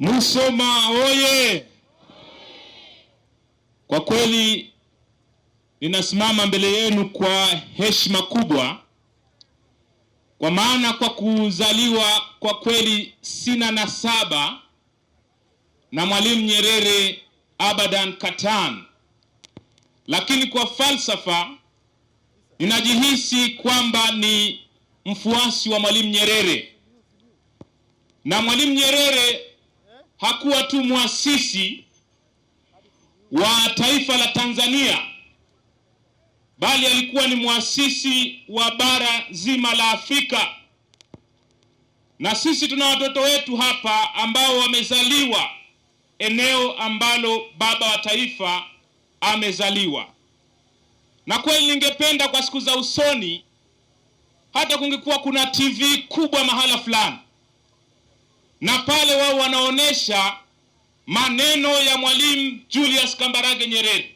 Musoma oye! Kwa kweli ninasimama mbele yenu kwa heshima kubwa, kwa maana kwa kuzaliwa kwa kweli sina nasaba na Mwalimu Nyerere abadan katan, lakini kwa falsafa ninajihisi kwamba ni mfuasi wa Mwalimu Nyerere na Mwalimu Nyerere hakuwa tu mwasisi wa taifa la Tanzania bali alikuwa ni mwasisi wa bara zima la Afrika. Na sisi tuna watoto wetu hapa ambao wamezaliwa eneo ambalo baba wa taifa amezaliwa. Na kweli ningependa kwa siku za usoni hata kungekuwa kuna TV kubwa mahala fulani na pale wao wanaonesha maneno ya Mwalimu Julius Kambarage Nyerere,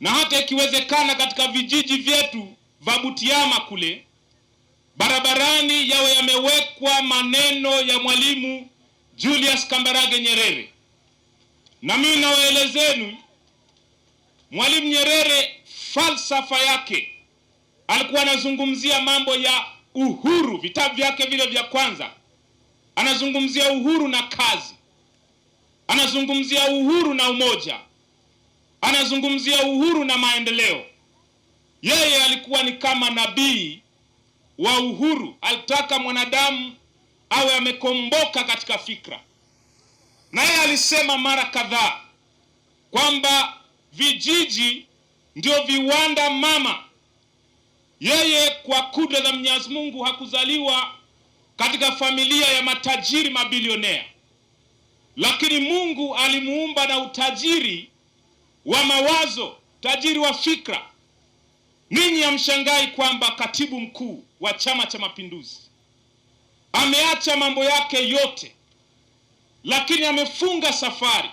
na hata ikiwezekana katika vijiji vyetu vya Butiama kule barabarani yawe yamewekwa maneno ya Mwalimu Julius Kambarage Nyerere. Na mimi nawaelezeni, Mwalimu Nyerere falsafa yake alikuwa anazungumzia mambo ya uhuru, vitabu vyake vile vya kwanza anazungumzia uhuru na kazi, anazungumzia uhuru na umoja, anazungumzia uhuru na maendeleo. Yeye alikuwa ni kama nabii wa uhuru, alitaka mwanadamu awe amekomboka katika fikra, na yeye alisema mara kadhaa kwamba vijiji ndio viwanda mama. Yeye kwa kudra za Mwenyezi Mungu hakuzaliwa katika familia ya matajiri mabilionea, lakini Mungu alimuumba na utajiri wa mawazo, utajiri wa fikra. Ninyi hamshangai kwamba katibu mkuu wa Chama cha Mapinduzi ameacha mambo yake yote, lakini amefunga safari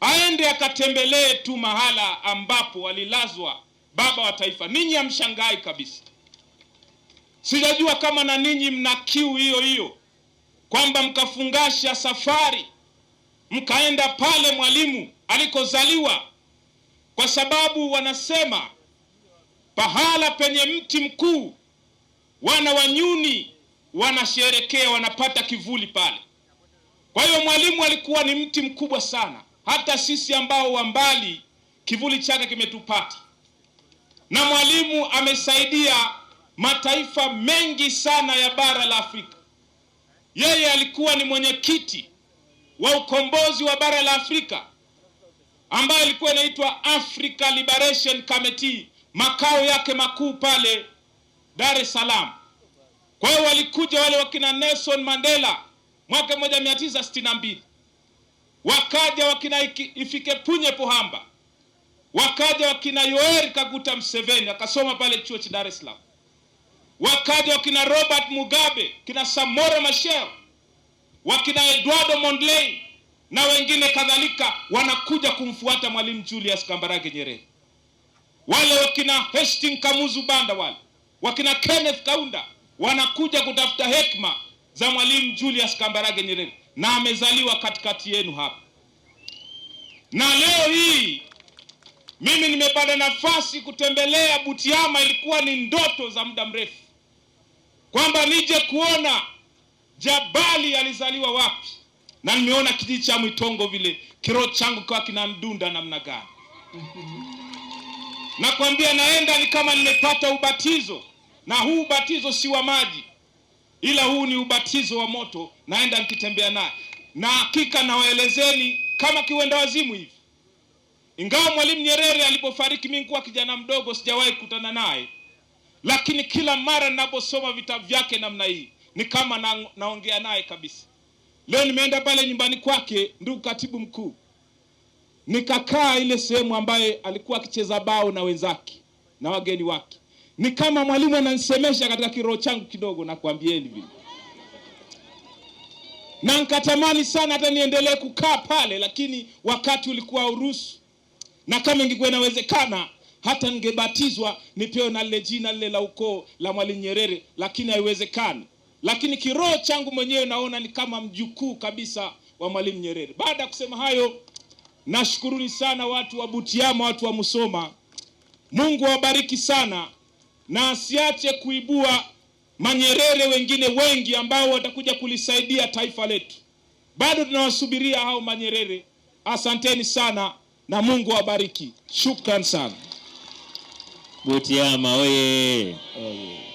aende akatembelee tu mahala ambapo walilazwa baba wa taifa. Ninyi hamshangai kabisa. Sijajua kama na ninyi mna kiu hiyo hiyo kwamba mkafungasha safari mkaenda pale Mwalimu alikozaliwa, kwa sababu wanasema pahala penye mti mkuu wana wanyuni wanasherekea, wanapata kivuli pale. Kwa hiyo Mwalimu alikuwa ni mti mkubwa sana, hata sisi ambao wa mbali kivuli chake kimetupata, na Mwalimu amesaidia mataifa mengi sana ya bara la Afrika. Yeye alikuwa ni mwenyekiti wa ukombozi wa bara la Afrika ambayo ilikuwa inaitwa Africa Liberation Committee, makao yake makuu pale Dar es Salaam. Kwa hiyo walikuja wale wakina Nelson Mandela mwaka 1962, wakaja wakina Ifikepunye Pohamba, wakaja wakina Yoweri Kaguta Museveni akasoma pale chuo cha Dar es Salaam wakaja wakina Robert Mugabe, kina Samora Machel, wakina Eduardo Mondlane na wengine kadhalika, wanakuja kumfuata Mwalimu Julius Kambarage Nyerere, wale wakina Hastings Kamuzu Banda, wale wakina Kenneth Kaunda wanakuja kutafuta hekima za Mwalimu Julius Kambarage Nyerere, na amezaliwa katikati yenu hapa. Na leo hii mimi nimepata nafasi kutembelea Butiama, ilikuwa ni ndoto za muda mrefu kwamba nije kuona Jabali alizaliwa wapi, na nimeona kijiji cha Mwitongo vile kiroho changu kwa kinamdunda namna gani. Nakwambia naenda ni kama nimepata ubatizo, na huu ubatizo si wa maji, ila huu ni ubatizo wa moto. Naenda nikitembea naye, na hakika nawaelezeni kama kiwenda wazimu hivi. Ingawa Mwalimu Nyerere alipofariki, mimi nilikuwa kijana mdogo, sijawahi kukutana naye lakini kila mara ninaposoma vitabu vyake namna hii ni kama na, naongea naye kabisa. Leo nimeenda pale nyumbani kwake, ndugu katibu mkuu, nikakaa ile sehemu ambaye alikuwa akicheza bao na wenzake na wageni wake, ni kama mwalimu ananisemesha katika kiroho changu kidogo, nakwambieni vile na nkatamani sana hata niendelee kukaa pale, lakini wakati ulikuwa urusu, na kama ingekuwa inawezekana hata ningebatizwa nipewe na lile jina lile la ukoo la Mwalimu Nyerere, lakini haiwezekani. Lakini kiroho changu mwenyewe naona ni kama mjukuu kabisa wa Mwalimu Nyerere. Baada ya kusema hayo, nashukuruni sana watu wa Butiama, watu wa Musoma. Mungu awabariki sana na asiache kuibua manyerere wengine wengi ambao watakuja kulisaidia taifa letu. Bado tunawasubiria hao manyerere. Asanteni sana na Mungu awabariki. Shukran sana. Butiama oye! Oye!